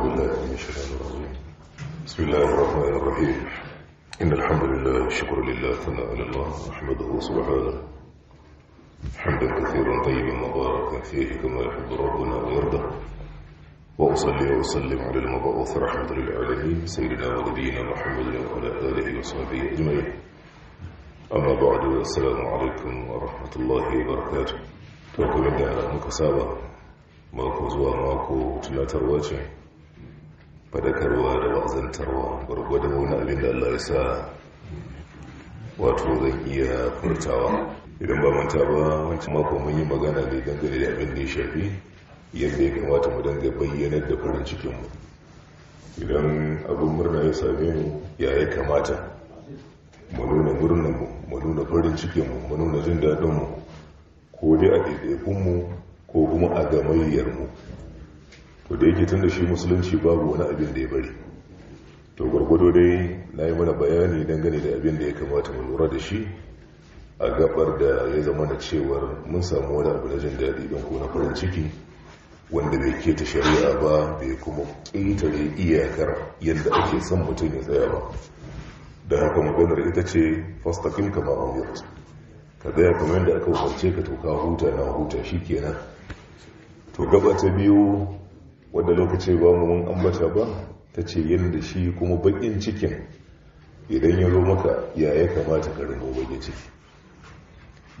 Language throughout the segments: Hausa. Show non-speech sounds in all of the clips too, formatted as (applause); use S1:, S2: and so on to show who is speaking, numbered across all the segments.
S1: بالله من الشيطان الرجيم بسم الله الرحمن الرحيم إن الحمد لله الشكر لله ثناء لله نحمده سبحانه حمدا كثيرا طيبا مباركا فيه كما يحب ربنا ويرضى وأصلي وأسلم على المبعوث رحمة للعالمين سيدنا ونبينا محمد وعلى آله وصحبه أجمعين أما بعد السلام عليكم ورحمة الله وبركاته توكلنا على da muka saba mako zuwa mako fadakarwa da wa'azantarwa gwargwada wani abin da Allah ya sa wato zan iya furtawa idan ba manta ba wancan mako mun yi magana ne dangane da abin da ya shafi yadda ya kamata mu danga bayyanar da farin cikinmu idan abin murna ya same mu ya ya kamata mu nuna murnanmu mu nuna farin cikinmu mu nuna jin daɗinmu ko dai a ɗaiɗaikunmu ko kuma a gamayyarmu wadda da yake tun da shi musulunci babu wani abin da ya bari to gwargwado dai na yi mana bayani dangane da abin da ya kamata mu lura da shi a gabar da ya zama da cewar mun samu wani abu na jin daɗi don ko na farin ciki wanda bai keta shari'a ba bai kuma ƙetare iyakar yadda ake son mutum ya tsaya ba da haka maganar ita ce fastafin kama amurat ka tsaya kamar yadda aka umarce ka toka huta na huta shi kenan to gaba ta biyu wanda lokacin ba mu mun ambata ba ta ce yadda shi kuma bakin cikin idan ya zo maka ya ya kamata ka rinko bakin ciki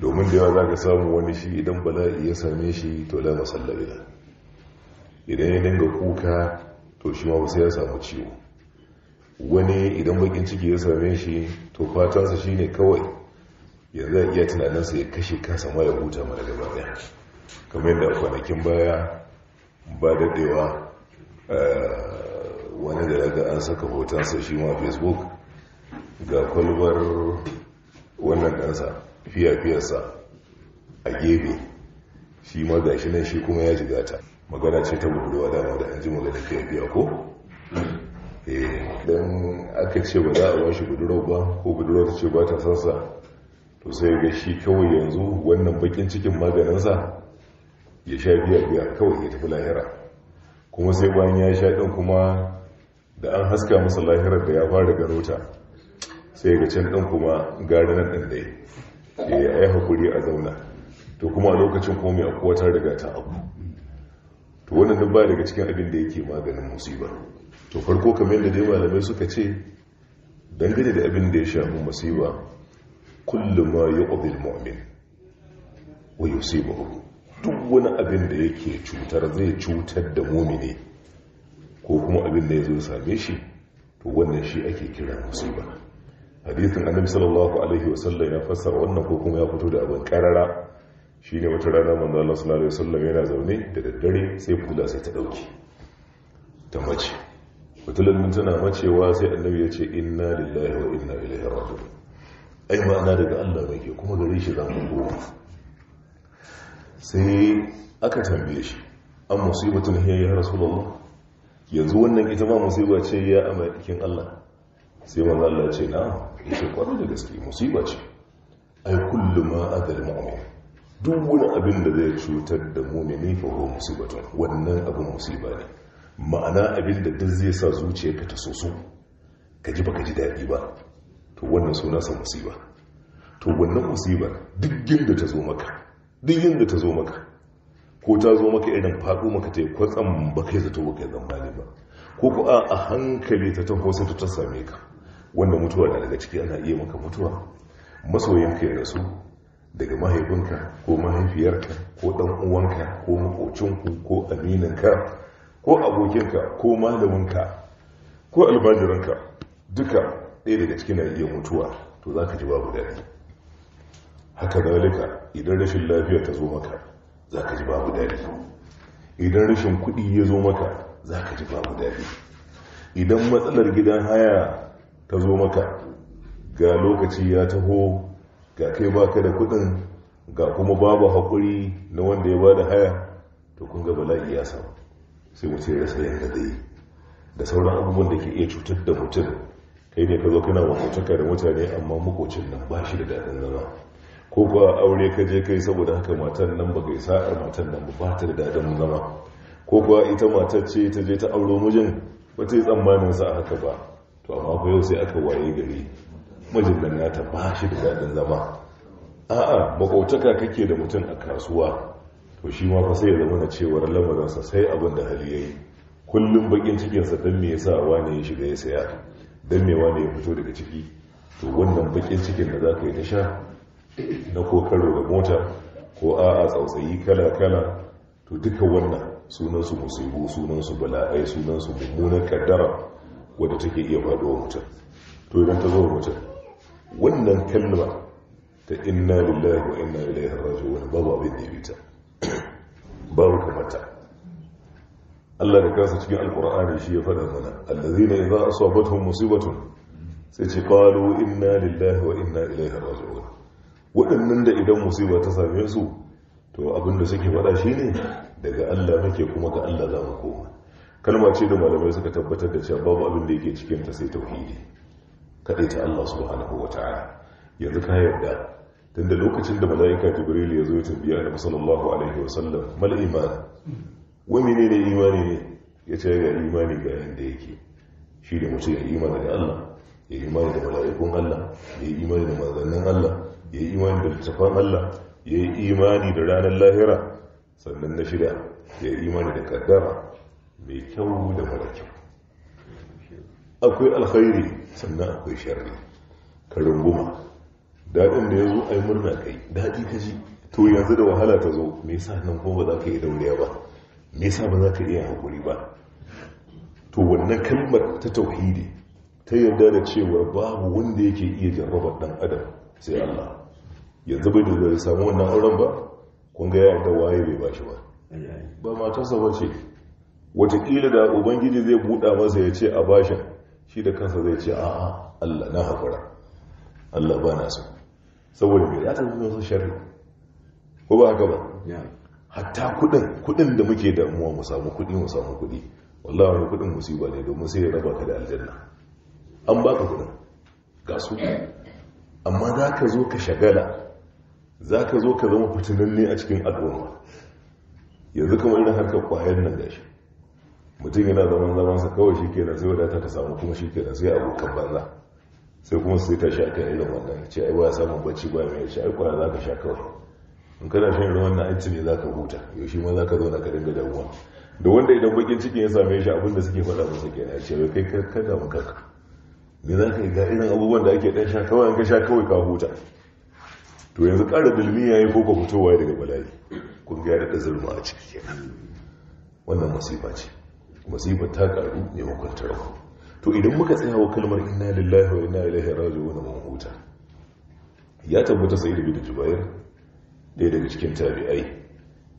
S1: domin da yawa za ka samu wani shi idan Bala ya same shi to la masallabi idan ya dinga kuka to shi ma sai ya samu ciwo wani idan bakin ciki ya same shi to fatansa shi ne kawai yanzu a iya tunaninsa ya kashe kansa ma ya huta mana gaba ɗaya kamar yadda a kwanakin baya ba daɗewa eh, wani da daga an saka hotonsa shi ma facebook ga kwalbar wannan ɗansa fiya-fiyarsa a gebe shi ma ga shi nan shi kuma ya shiga ta magana ce ta buɗewa dama da an ji mu da fiya-fiya ko? Eh, don aka ce ba za a ba shi ba ko budurau ta ce ba ta sansa to sai ga shi kawai yanzu wannan bakin cikin maganinsa ya sha biya biya kawai ya tafi lahira kuma sai bayan ya sha ɗan kuma da an haska masa lahirar da ya fara gano ta sai ga can ɗan kuma gari nan ɗin dai ya eh, yi haƙuri a zauna to kuma a lokacin kuma mai akuwa ta riga ta abu to wannan duk ba daga cikin abin da yake maganin musiba to farko kamar da dai malamai suka ce dangane da abin da ya shafi musiba kullum ma ya ƙudil mu'min wa yusibahu duk wani abin da yake cutar zai cutar da mumini ko kuma abin da ya zo same shi to wannan shi ake kira musiba hadithin annabi sallallahu alaihi wasallam ya fassara wannan ko kuma ya fito da abin karara shine wata rana manzo Allah sallallahu alaihi wasallam yana zaune da daddare sai kula sai ta ɗauke. ta mace mun tana macewa sai annabi ya ce inna lillahi wa inna ilaihi raji'un ai ma'ana daga Allah mai ke kuma gare shi zan koma sai aka tambaye shi an musibatun hiyayi ya rasulullah yanzu wannan ita ma musiba ce ya amaikin Allah sai wanda Allah ce na ce kwarai da gaske musiba ce ai kullum ma adal mu'min duk wani abin da zai cutar da mummi ne huwa musibatun wannan abin musiba ne ma'ana abin da duk zai sa zuciyarka ta soso ka ji baka ji daɗi ba to wannan sunansa musiba to wannan musibar duk gilda ta zo maka duk yadda ta zo maka ko ta zo maka idan faɗo maka ta yi kwatsam ba kai zato ba kai zambali ba ko ku a hankali ta ta hosa ta same ka wanda mutuwa na daga ciki ana iya maka mutuwa Masoyanka ya rasu daga mahaifinka ko mahaifiyarka ko ɗan uwanka ko makocinku ko amininka ko abokinka ko malaminka ko albajiranka duka ɗaya daga ciki na iya mutuwa to za ka ji babu daɗi haka zalika idan rashin lafiya ta zo maka za ka ji babu daɗi idan rashin kuɗi ya zo maka za ka ji babu daɗi idan matsalar gidan haya ta zo maka ga lokaci ya taho ga kai baka da kuɗin ga kuma babu haƙuri na wanda ya ba da haya to kun ga bala'i ya samu sai mutum ya rasa yadda zai da sauran abubuwan da ke iya cutar da mutum kai ne ka zo kana makocaka da mutane amma makocin nan ba shi da daɗin zama ko kuwa aure ka je kai saboda haka matan nan ba kai sa'ar matan nan ba ta da dadin zama ko kuwa ita matar ce ta je ta auro mijin ba ta yi tsammanin sa haka ba to amma ko yau sai aka waye gari mijin nan ta ba shi da dadin zama a'a makautaka kake da mutum a kasuwa to shi ma fa sai ya zama na cewar lamarinsa sai abin da hali yayi kullum bakin cikinsa dan me yasa wani ya shiga ya saya dan me wani ya fito daga ciki to wannan bakin cikin da zaka yi ta sha na ko karo da mota ko a'a tsautsayi kala-kala to duka wannan sunansu musibu sunansu bala'ai sunansu mummunar kaddara wadda take iya wa mutum to idan ta zo mutum wannan kalma ta inna lillahi wa inna ilaihi raji'un babu abin da ya (coughs) babu babu ta Allah da kansa cikin alkur'ani shi ya faɗa mana allazina idza asabatuhum musibatun sai ce qalu inna lillahi wa inna ilaihi raji'un waɗannan da idan musiba ta same su to abinda suke faɗa shi ne daga allah muke kuma ga allah za mu koma kalma ce da malamai suka tabbatar da cewa babu abin da yake cikin ta sai tauhidi Kaɗai ta Allah subhanahu wataala yanzu ka yarda tunda lokacin da malaika jibril ya zo ya tambaye da musallallahu alaihi wasallam mal Wani ne ne imani ne ya ce ga imani ga yanda yake shi da mutum ya imani da Allah ya imani da malaikun Allah ya imani da manzannin Allah ya yi imani da littafan Allah ya yi imani da ranar lahira sannan na shida ya yi imani da kaddara mai kyau da mara kyau akwai alkhairi sannan akwai shari'a. ka runguma daɗin da ya zo a yi murna kai daɗi ka ji to yanzu da wahala ta zo me yasa nan ko ba za ka yi dauriya ba me yasa ba za ka iya haƙuri ba to wannan kalmar ta tauhidi ta yarda da cewa babu wanda yake iya jarrabar ɗan adam sai Allah yanzu bai dogara samu wannan auren ba kun ga yayin da waye bai bashi ba ba matarsa ba ce wataƙila da ubangiji zai buɗa masa ya ce a bashin shi da kansa zai ce a'a allah na haƙura allah ba na so saboda ya ta tafi su sharri ko ba haka ba hatta kuɗin kuɗin da muke damuwa mu samu kuɗi mu samu kuɗi wallahi wani kuɗin musiba ne domin sai ya raba ka da aljanna an baka kuɗin ga su amma za ka zo ka shagala za ka zo ka zama fitinanne a cikin al'umma yanzu kamar yana harkar kwayan nan da shi. mutum yana zaman zamansa kawai shi ke sai wadata ta samu kuma shi kenan sai abokan banza sai kuma sai ta sha kan irin wannan ce ai waya samun bacci ba mai sha ai kwana za ka sha kawai in kana shan irin wannan aiki ne za ka huta yaushe ma za ka zauna ka dinga damuwa da wanda idan bakin cikin ya same shi abin da suke faɗa masa ke ya ce wai kai ka damu kaka. me za ka ga irin abubuwan da ake ɗan sha kawai in ka sha kawai ka huta to yanzu ƙara dalmi ya yi koko fitowa daga bala'i kun ga da zurma a ciki kenan wannan masifa ce masifa ta ƙaru ne makwantar ku to idan muka tsayawa kalmar ina lillahi wa inna ilaihi raji'un wani huta ya tabbata sai da bin jubair ɗaya daga cikin tabi'ai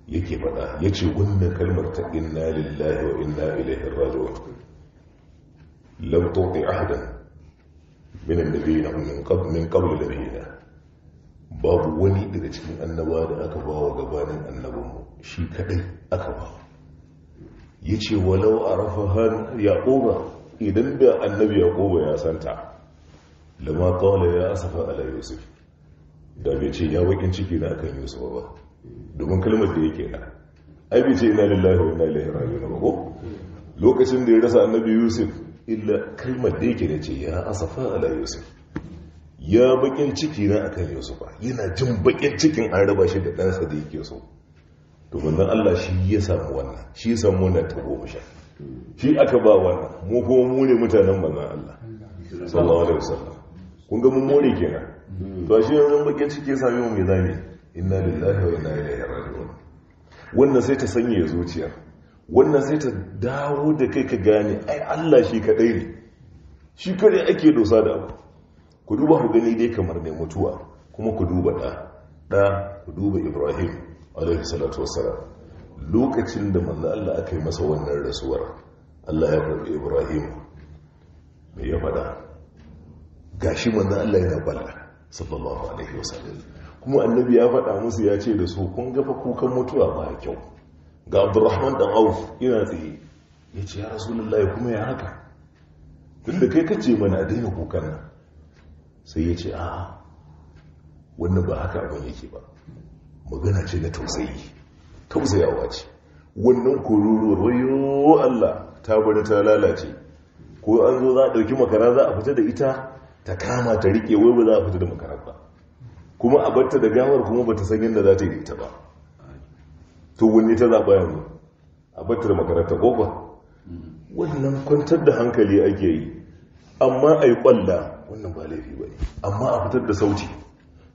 S1: yake faɗa ya ce wannan kalmar ta inna lillahi wa inna ilaihi raji'un lam tuqi ahadan min an-nabiyyin min qabl min qabl nabiyina babu wani daga cikin annaba da aka ba wa gabanin annabanmu shi kadai aka ba ya ce walau a rafahan yaƙoba idan da annabi yaƙoba ya santa lama kawai ya asafa ala yusuf da bai ce ya bakin ciki na akan yusuf ba domin kalmar da yake na ai ce ina lillahi wa ina ilaihi raji'un na ko lokacin da ya rasa annabi yusuf illa kalmar da yake na ce ya asafa ala yusuf ya bakin ciki na akan ba. yana jin bakin cikin an raba shi da ɗansa da yake so to wannan Allah shi ya samu wannan shi ya samu wannan sha shi aka ba wannan mu kuma mu ne mutanen manzon Allah sallallahu alaihi wasallam kun ga mun more kenan to shi yanzu bakin ciki ya samu mu me zamu inna lillahi wa inna ilaihi raji'un wannan sai ta sanya ya zuciya wannan sai ta dawo da kai ka gane ai Allah shi kadai ne shi kadai ake dosa da abu ku duba ku gani dai kamar mai mutuwa kuma ku duba ɗa ɗa ku duba ibrahim alaihi salatu wassalam lokacin da manzo Allah aka yi masa wannan rasuwar Allah ya karbi ibrahim mai ya faɗa gashi manzo Allah yana bala sallallahu alaihi wasallam kuma annabi ya faɗa musu ya ce da su kun fa kukan mutuwa ba kyau ga abdurrahman dan auf yana tsaye ya ce ya rasulullahi kuma ya haka da kai kace mana a daina kukan nan sai ya ce a ah, wannan ba haka abin yake ba magana ce na tausayi tausayawa ce wannan kururuwar wayo Allah ta bari ta lalace ko an zo za a ɗauki makara za a fita da ita ta kama ta riƙe wai ba za a fita da makara ba kuma a batta da gawar kuma ba ta san yadda za ta yi ita ba to wanne ta zaɓa yanzu a batta da makara ta wannan kwantar da hankali ake yi amma a yi ƙwalla wannan ba laifi ba ne amma a fitar da sauti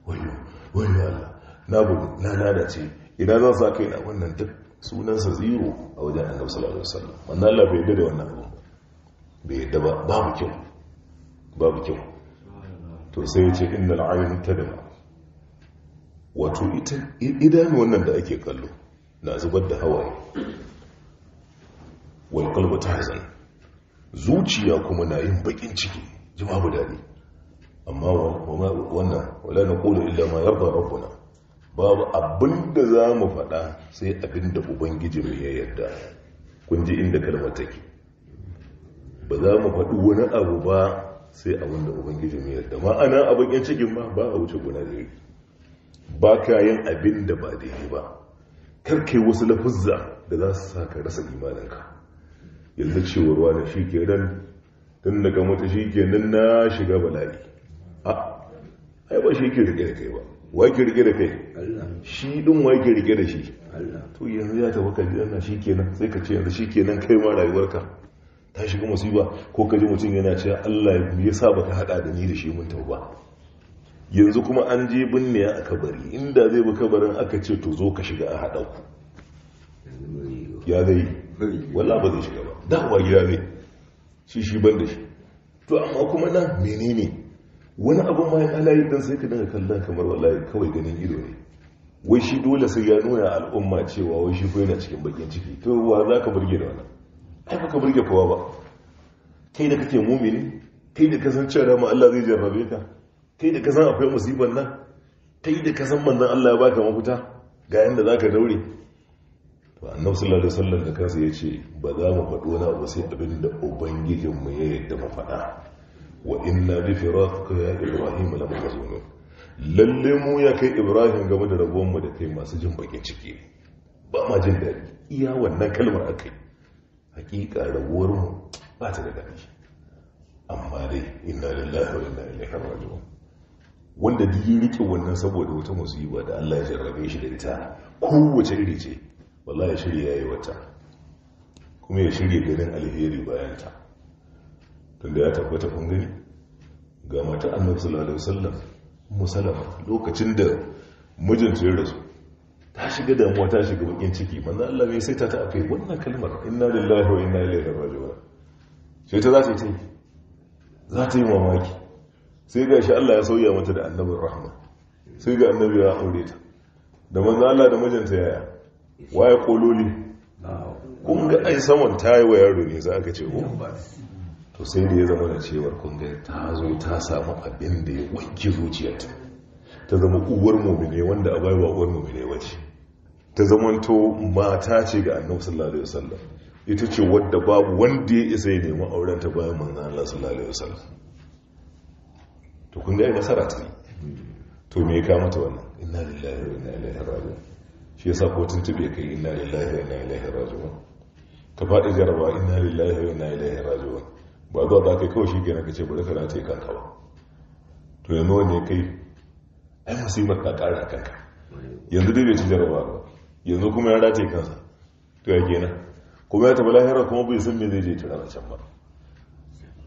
S1: wayo wayo Allah na bugu na ce idan za su sa kai na wannan duk sunansa zero a wajen annabi sallallahu alaihi wasallam wannan Allah bai yarda da wannan abu bai yarda ba babu kyau babu kyau to sai ya ce innal ayn tadma wato ita idan wannan da ake kallo na zubar da hawaye wal qalbu tahzan zuciya kuma na yin bakin ciki ji guda daɗi amma wannan wala na kula illa ma yarda rabbuna babu abin da za mu faɗa sai abin da mai ya yarda kun ji inda kalmar take ba za mu faɗi wani abu ba sai abin da mai ya yarda ma'ana abin yan cikin ma ba a wuce guna da ba kayan abin da ba daidai ba karkai wasu lafuzza da za su sa ka rasa imaninka yanzu cewar wani shi ke ran tun daga mutu shi ke nan na shiga bala'i a ai ba shi ke rike da kai ba wa ke rike da kai shi din wa ke rike da shi to yanzu ya tafi kalli na shi nan sai ka ce yanzu shi nan kai ma rayuwarka ta shiga musiba ko ka ji mutum yana ce Allah ya sa ba ka hada da ni da shi mun tauba yanzu kuma an je binne a kabari inda zai bi kabarin aka ce to zo ka shiga a hada ku ya zai Wala ba zai shiga ba dawa gida ne shi shi ban da shi to amma kuma nan menene wani abu ma ya halayi dan sai ka dinga kallon kamar wallahi kawai ganin ido ne wai shi dole sai ya nuna al'umma cewa wai shi ko yana cikin bakin ciki to wa za ka burge da wannan ai ba ka burge kowa ba kai da kake mumini kai da kasan cewa ma Allah zai jarrabe ka kai da kasan akwai musibar nan kai da kasan manzon Allah ya baka mafita ga yanda zaka daure to annabi sallallahu alaihi wasallam da kansa yace ba za mu faɗo na ba sai abin da ubangijin mu ya yadda mu faɗa wa inna bi firaqika ya ibrahim la mahzunun lalle mu ya kai ibrahim game da rabuwan mu da kai masu jin bakin ciki ba ma jin daɗi iya wannan kalmar akai hakika rabuwar mu ba ta da daɗi amma dai inna lillahi wa inna ilaihi raji'un wanda duk rike wannan saboda wata musiba da Allah ya jarrabe shi da ita kowace iri ce wallahi shirya yi wata kuma ya shirya ganin alheri bayan ta tunda ya tabbata kun gani ga mata annabi sallallahu alaihi wasallam musalama lokacin da mijinta ya rasu ta shiga damuwa ta shiga bakin ciki manzo Allah bai saita ta afi wannan kalmar inna lillahi wa inna ilaihi raji'un sai ta za ta yi za ta yi mamaki sai ga shi Allah ya sauya mata da annabin rahma. sai ga annabi ya aure ta da manzo Allah da mijinta yaya waye kololi kun ga ai saman tayi wa yaro ne za ka ce ko oh. to sai da ya zama da cewar kun ga ta zo ta samu abin da ya wanke zuciyarta ta zama uwar mumine wanda a baiwa uwar mumine wace ta zama to mata ce ga annabi sallallahu alaihi wasallam ita ce wadda babu wanda ya isa ya nemi auren ta bayan manzon Allah sallallahu alaihi wasallam to kun ga ai nasara ta to me ya kama ta wannan inna lillahi wa inna ilaihi raji'un shi yasa ko tuntube kai inna lillahi wa inna ilaihi raji'un ka faɗi jaraba inna lillahi wa inna ilaihi raji'un ba zuwa za ka yi kawai shi kenan ka ce bari ka rataye kanka ba to yanzu ya kai ai musibar ka ƙara kanka yanzu dai bai ci jaraba ba yanzu kuma ya rataye kansa to ya kenan kuma ya tafi lahira kuma bai san me zai je tara can ba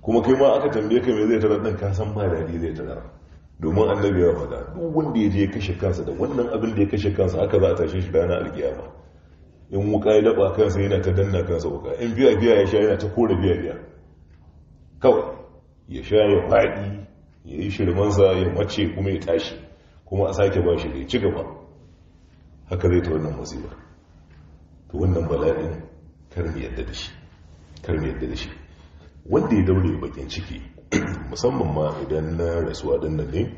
S1: kuma kai ma aka tambaye ka me zai tara ɗin ka san ba daɗi zai tara domin annabi ya faɗa duk wanda ya je kashe kansa da wannan abin da ya kashe kansa haka za a tashe shi ranar alkiyama in wuka ya laba kansa yana ta danna kansa wuka in biya biya ya sha yana ta kore biya biya kawai ya sha ya faɗi ya yi shirmansa ya mace kuma ya tashi kuma a sake ba shi da ya ci gaba haka zai ta wannan musiba to wannan bala'in kar mu yadda da shi kar mu yadda da shi wanda ya daure bakin ciki musamman ma idan na rasuwa dan nan ne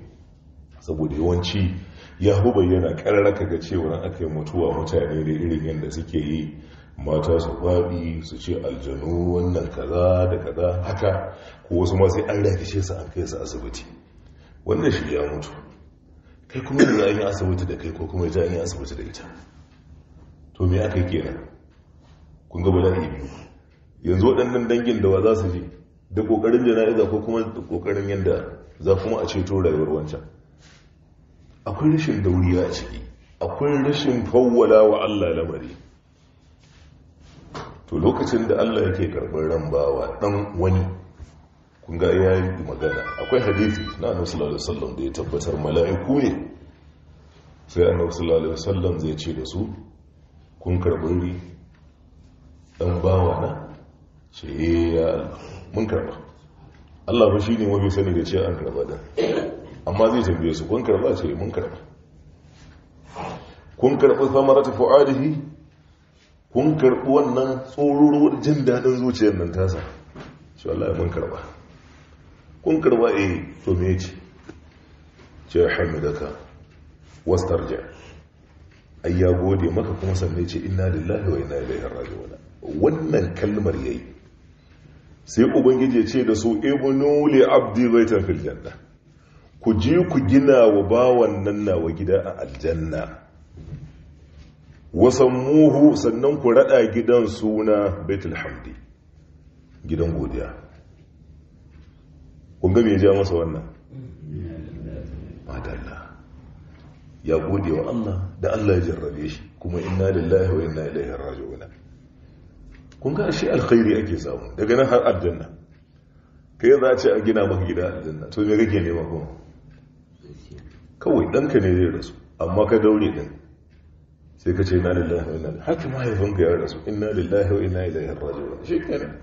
S1: saboda yawanci ya hu bayyana kararraka ga cewar aka yi mutuwa mutane da irin yadda suke yi mata su faɗi su ce aljanu wannan kaza da kaza haka ko wasu ma sai an rakishe su an kai su asibiti wannan shi ya mutu kai kuma da yi asibiti da kai ko kuma ya yi asibiti da ita to me aka kenan kun ga bala'i biyu yanzu waɗannan dangin da wa za su je da kokarin jana'iza ko kuma da kokarin yadda za kuma a ceto rayuwar wancan akwai rashin dauriya a ciki akwai rashin fawwala wa Allah lamari to lokacin da Allah yake karɓar ran bawa ɗan wani kun ga yi magana akwai hadisi na Annabi sallallahu alaihi wasallam da ya tabbatar mala'iku ne sai Annabi sallallahu alaihi wasallam zai ce da su kun karɓi ɗan bawa na shi ya mun karba Allah ba shi ne mafi sani da ce an karba da amma zai tambaye su kun karba ce mun karba kun karbi samarata fu'adihi kun karbi wannan tsororo jin daɗin zuciyar nan tasa shi ya mun karba kun karba eh to me ce ce hamidaka wastarja ai ya gode maka kuma sanne ce inna lillahi wa inna ilaihi raji'un wannan kalmar yayi sai ubangiji ya ce da su ibnu li abdi baitan fil janna ku ji ku gina wa bawan nan nawa gida a aljanna wasan muhu sannan ku rada gidan suna baitul hamdi gidan godiya kun ga me ja masa wannan madalla ya gode wa Allah da Allah ya jarrabe shi kuma inna lillahi wa inna ilaihi raji'un kun ga shi alkhairi ake samu daga nan har aljanna kai za a ce a gina maka gida aljanna to me kake nema kuma kawai ɗanka ne zai rasu amma ka daure din. sai ka ce na lillahi wa inna haka ma ya rasu inna lillahi wa inna ilaihi raji'un shi kenan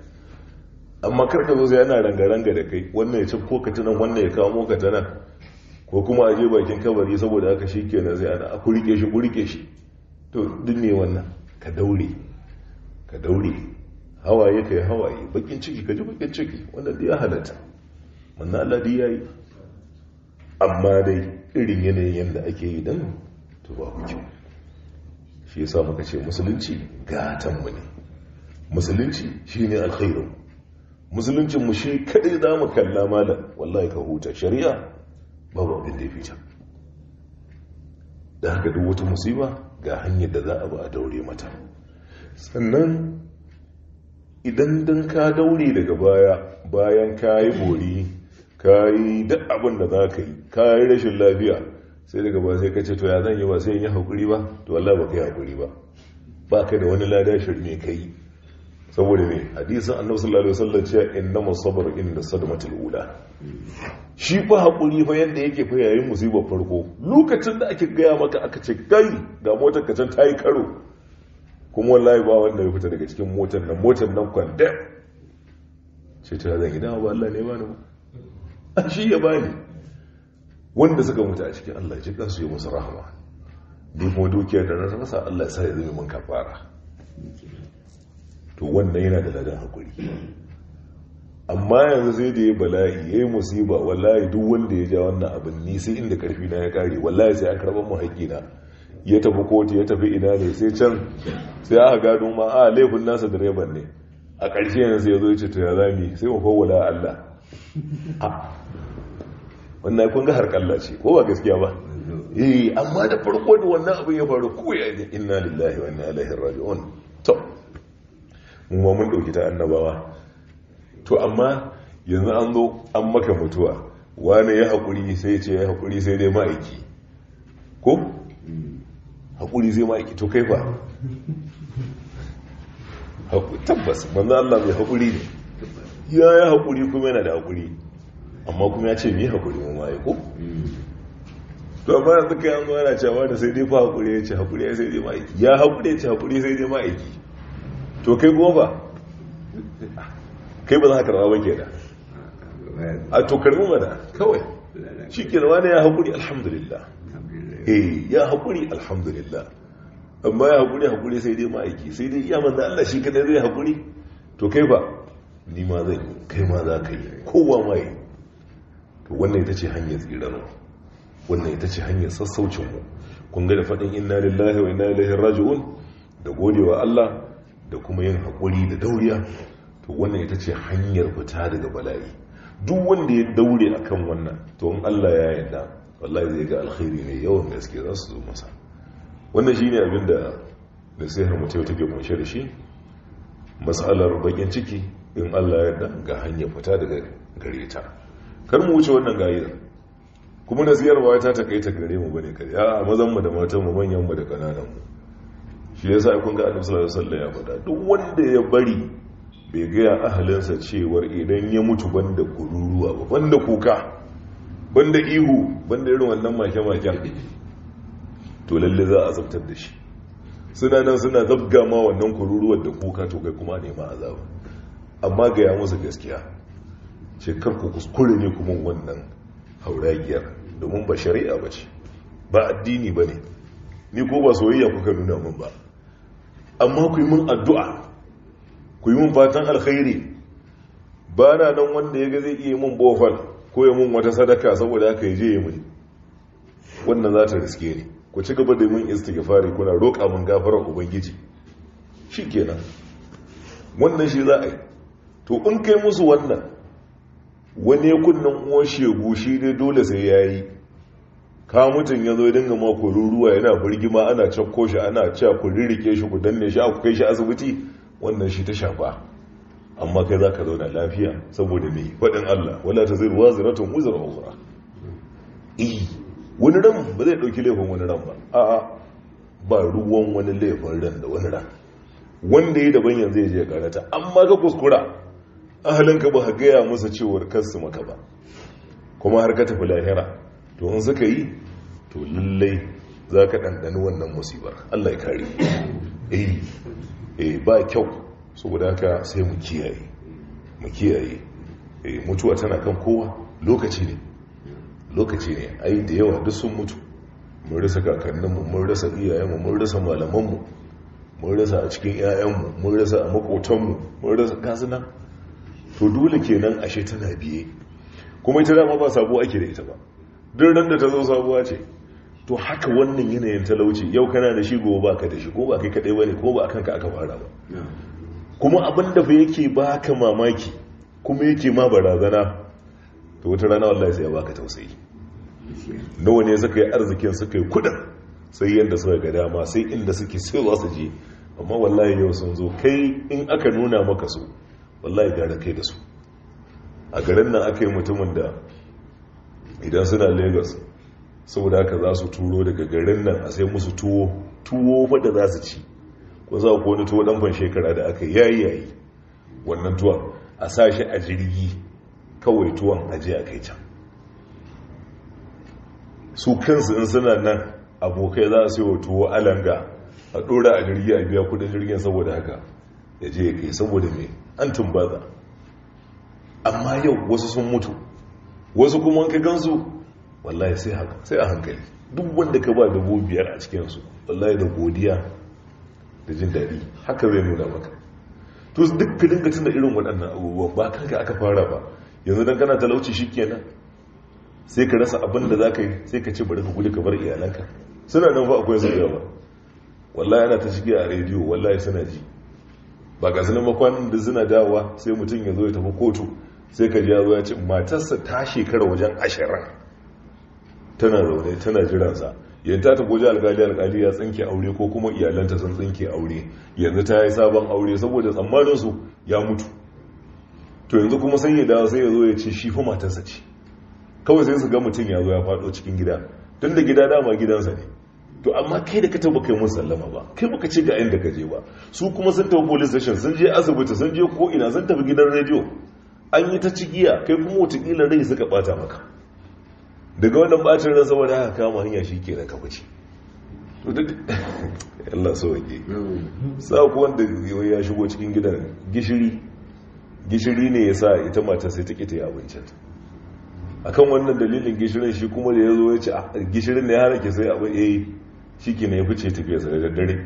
S1: amma karka zo sai yana rangaranga da kai wannan ya ci ko ka tunan wannan ya kawo ka tana. ko kuma a je bakin kabari saboda haka shi kenan sai ana ku rike shi ku rike shi to duk ne wannan ka daure ka daure hawaye ka hawaye bakin ciki ka ji bakin ciki wannan da ya halatta wannan Allah da ya yi amma dai irin yanayin yadda ake yi don to ba ku kyau shi yasa muka ce musulunci gatanmu ne musulunci shine ne alkhairu mu shi kadai za mu kalla malam wallahi ka huta shari'a babu abin da ya fita da haka duk wata musiba ga hanyar da za a ba a daure mata sannan idan don ka daure daga baya bayan ka yi bori ka yi duk abin da za ka yi ka yi rashin lafiya sai daga ba sai ka ce to ya zan yi ba sai yi haƙuri ba to Allah ba ka yi haƙuri ba ba ka da wani lada shirme ka yi saboda ne hadisun annabi sallallahu alaihi wasallam cewa inna masabar inda sadmatul ula shi fa hakuri fa yadda yake fa yayin musibar farko lokacin da ake gaya maka aka ce kai ga motar ka can yi karo kuma wallahi ba wanda ya fita daga cikin motar nan motar nan kwande. ce ta zan gida ba Allah ne ba ni ba a shi ya ba ne wanda suka mutu a cikin Allah ji kansu yi musu rahama ni kuma dukiyar da na masa Allah ya sa ya zama mun fara. to wannan yana da ladan hakuri amma yanzu sai da ya bala'i ya yi musiba wallahi duk wanda ya ja wannan abin ni sai inda karfi na ya kare wallahi sai an karɓar mu na ya tafi kotu ya tafi ina ne sai can sai aka gano ma a laifin nasa direban ne a ƙarshe yanzu ya zo ce to ya zami sai mu fawwala Allah a, wannan kun ga harƙalla ce ko ba gaskiya ba eh amma da farko da wannan abin ya faru ko ya ne inna lillahi wa inna ilaihi raji'un to mu ma mun dauki ta annabawa to amma yanzu an zo an maka mutuwa wani ya haƙuri sai ce ya haƙuri sai dai ma'aiki haƙuri zai ma'aiki to kai ba tabbas manzo Allah mai haƙuri ne ya yi haƙuri kuma yana da haƙuri amma kuma ya ce mai haƙuri ma ma'ai ko to amma yanzu kai an gwara cewa da sai dai fa haƙuri ya ce haƙuri ya sai dai ma'aiki ya haƙuri ya ce haƙuri sai dai ma'aiki to kai kuma ba kai ba za ka karɓa ba ke da a to karɓi mana kawai shi ke rawa ne ya haƙuri alhamdulillah eh ya haƙuri alhamdulillah amma ya haƙuri haƙuri sai dai ma'aiki sai dai iya manzan Allah shi kadai zai haƙuri to kai ba ni ma zai kai ma za ka yi kowa ma yi to wannan ita ce hanyar tsirarwa wannan ita ce hanyar sassaucinmu kun ga da faɗin inna lillahi wa inna ilaihi raji'un da godewa Allah da kuma yin haƙuri da dauriya to wannan ita ce hanyar fita daga bala'i duk wanda ya daure akan wannan to in Allah ya yarda wallahi zai ga alkhairi ne yawan gaske za su zo masa wannan shi ne abin abinda nasihar mutum take kunshe da shi matsalar bakin ciki in allah ya ga hanyar fita daga gare kar mu wuce wannan ga'idar kuma nasiyarwa ta takaita gare mu bane kare a mazan mu da matan mu manyan mu da kananan mu shi ya sa kun ga annabi sallallahu alaihi ya faɗa duk wanda ya bari bai gaya ahalinsa cewar idan ya mutu banda kururuwa ba banda kuka banda ihu banda irin wannan make-maken to lalle za a zabtar da shi suna nan suna zabga ma wannan kururuwar da kuka to kai kuma nema azaba amma ga ya musu gaskiya shekar ku kuskure ne kuma wannan hauragiyar domin ba shari'a ba ce ba addini ba ne ni ko ba soyayya kuka nuna min ba amma ku yi min addu'a ku yi min fatan alkhairi ba na nan wanda ya ga zai iya min bofal ko mun wata sadaka saboda haka ya je ya muni wannan za ta riske ni ku ci gaba da mun istighfari kuna roƙa mun gafarar ubangiji shikenan wannan shi za a yi to in kai musu wannan wani ya kunnen uwan shegu shi dai dole sai ya yi ka mutum ya zo ya dinga mako ruruwa yana birgima ana cakko shi ana cewa ku rirrike shi ku danne shi a ku kai shi asibiti wannan shi ta shafa amma kai za ka zauna lafiya saboda mai faɗin Allah wala ta zai ruwa ziratun wuzar wuzura eh, wani ran ba zai ɗauki laifin wani ran ba a ba ruwan wani laifin ran da wani ran wanda ya daban yanzu ya je karata amma ka kuskura ahalinka ba ha gaya musu cewar kansu maka ba kuma har ka tafi lahira to in suka yi to lallai za ka ɗanɗani wannan musibar allah ya kare eh, eh ba kyau saboda haka sai mu kiyaye mu kiyaye eh, mutuwa tana kan kowa lokaci ne lokaci ne ai da yawa duk sun mutu mun rasa kakanninmu mun rasa iyayenmu mun rasa malamanmu mun rasa a cikin 'ya'yanmu mun rasa a makotanmu mun rasa kasuna to dole kenan ashe tana biye kuma ita dama ba sabuwa ake da ita ba duk nan da ta zo sabuwa ce to haka wannan yanayin talauci yau kana da shi gobe ba ka da shi ko ba kai kadai bane ko ba akan aka fara ba kuma abin ba yake baka mamaki kuma yake ma barazana to wata rana wallahi sai ya baka tausayi nawa ne suka yi arzikin suka yi kudin sai yadda suka ga dama sai inda suke sai za su je amma wallahi yau sun zo kai in aka nuna maka su wallahi gara kai da su a garin nan aka yi mutumin da idan suna lagos saboda haka za su turo daga garin nan a sai musu tuwo tuwo fada za su ci ko za ku wani tuwo ɗanfan shekara da aka yayi yayi wannan tuwon a sa shi a jirgi kawai tuwon aji a kai can su kansu in suna nan abokai za su yi wa tuwo alanga a ɗora a jirgi a biya kudin jirgin saboda haka ya je ya kai saboda mai an tumbaza amma yau wasu sun mutu wasu kuma ka gansu wallahi sai a hankali duk wanda ka ba dubu biyar a cikinsu wallahi da godiya da jin daɗi haka zai nuna maka to duk ka tunda irin waɗannan abubuwan ba kanka aka fara ba yanzu dan kana talauci shikenan sai ka rasa abin da zaka yi sai ka ce bari ka gudu ka bar iyalanka suna nan ba akwai su ba wallahi ana ta shige a rediyo wallahi suna ji ba ga sunan makwanin da suna dawowa sai mutum ya zo ya tafi kotu sai ka ji ya zo ya ce matarsa ta shekara wajen ashirin tana zaune tana jiransa yanta ta goji alkali alkali ya tsinke aure ko kuma iyalanta sun tsinke aure yanzu ta yi sabon aure saboda tsammaninsu ya mutu to yanzu kuma sai ya dawo sai ya zo ya ce shi fa matarsa ce kawai sai su ga mutum ya zo ya faɗo cikin gida tun da gida dama gidansa ne to amma kai da ka taba kai mun sallama ba kai baka ce ga inda ka je ba su kuma sun tafi police station sun je asibiti sun je ko ina sun tafi gidan rediyo an yi ta cigiya kai kuma wata rai suka bata maka daga wannan bacin ran saboda haka kama hanya shi ke ka fice to duk (laughs) Allah so yake sa ku wanda ya shigo cikin gidan gishiri gishiri ne ya sa ita mata sai ta ƙi ta yi abincin akan wannan dalilin gishirin shi kuma da ya zo ya ce ah, gishirin da ya harake ke sai abu ya eh, shi ke ya fice tafiya sa da dare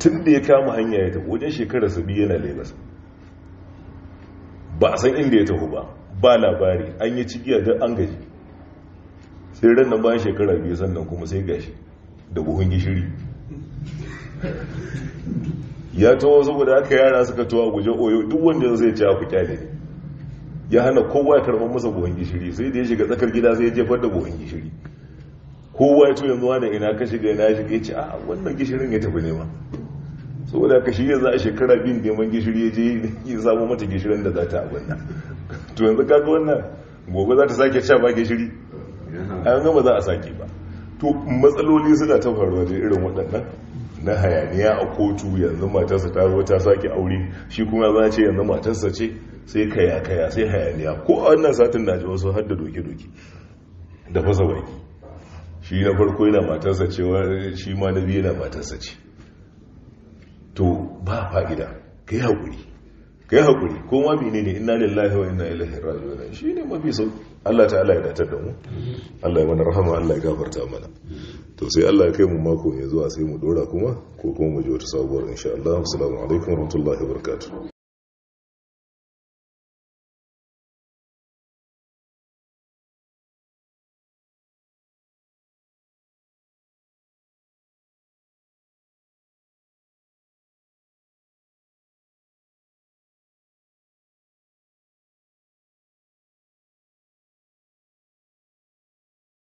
S1: tun da ya kama hanya ya tafi wajen shekara su biyu yana lagos ba a san inda ya tafi ba ba labari an yi cigiya don an gaji sai ran nan bayan shekara biyu sannan kuma sai gashi da buhun gishiri ya tawo saboda aka yara suka tuwa guje oyo duk wanda zai ci aku kyale ne ya hana kowa ya karɓar masa buhun gishiri sai da ya shiga tsakar gida sai ya jefar da buhun gishiri kowa ya to yanzu wani ina ka shiga ina shiga ya ce a wannan gishirin ya tafi nema saboda ka shi yanzu a shekara biyu neman gishiri ya je ya samu mata gishirin da za ta abin nan to yanzu kaga wannan gobe za ta sake sha ba gishiri an gama za a sake ba to matsaloli suna ta faruwa da irin waɗannan na hayaniya a kotu yanzu matarsa ta zo ta sake aure shi kuma za ce yanzu matarsa ce sai kaya kaya sai hayaniya ko a wannan satin na ji wasu har da doke doke da fasa baki shi na farko yana matarsa cewa shi ma na biyu yana matarsa ce to ba fa'ida ka yi haƙuri ka yi haƙuri ko ma ne ne ina lillahi wa ina ilahi rajiwa shi ne mafi sau Allah ta'ala ya datar da mu Allah ya mana rahama Allah ya gafarta mana to sai Allah ya kai mu mako ya zuwa sai mu dora kuma ko kuma mu ji wata sabuwar insha Allah assalamu alaikum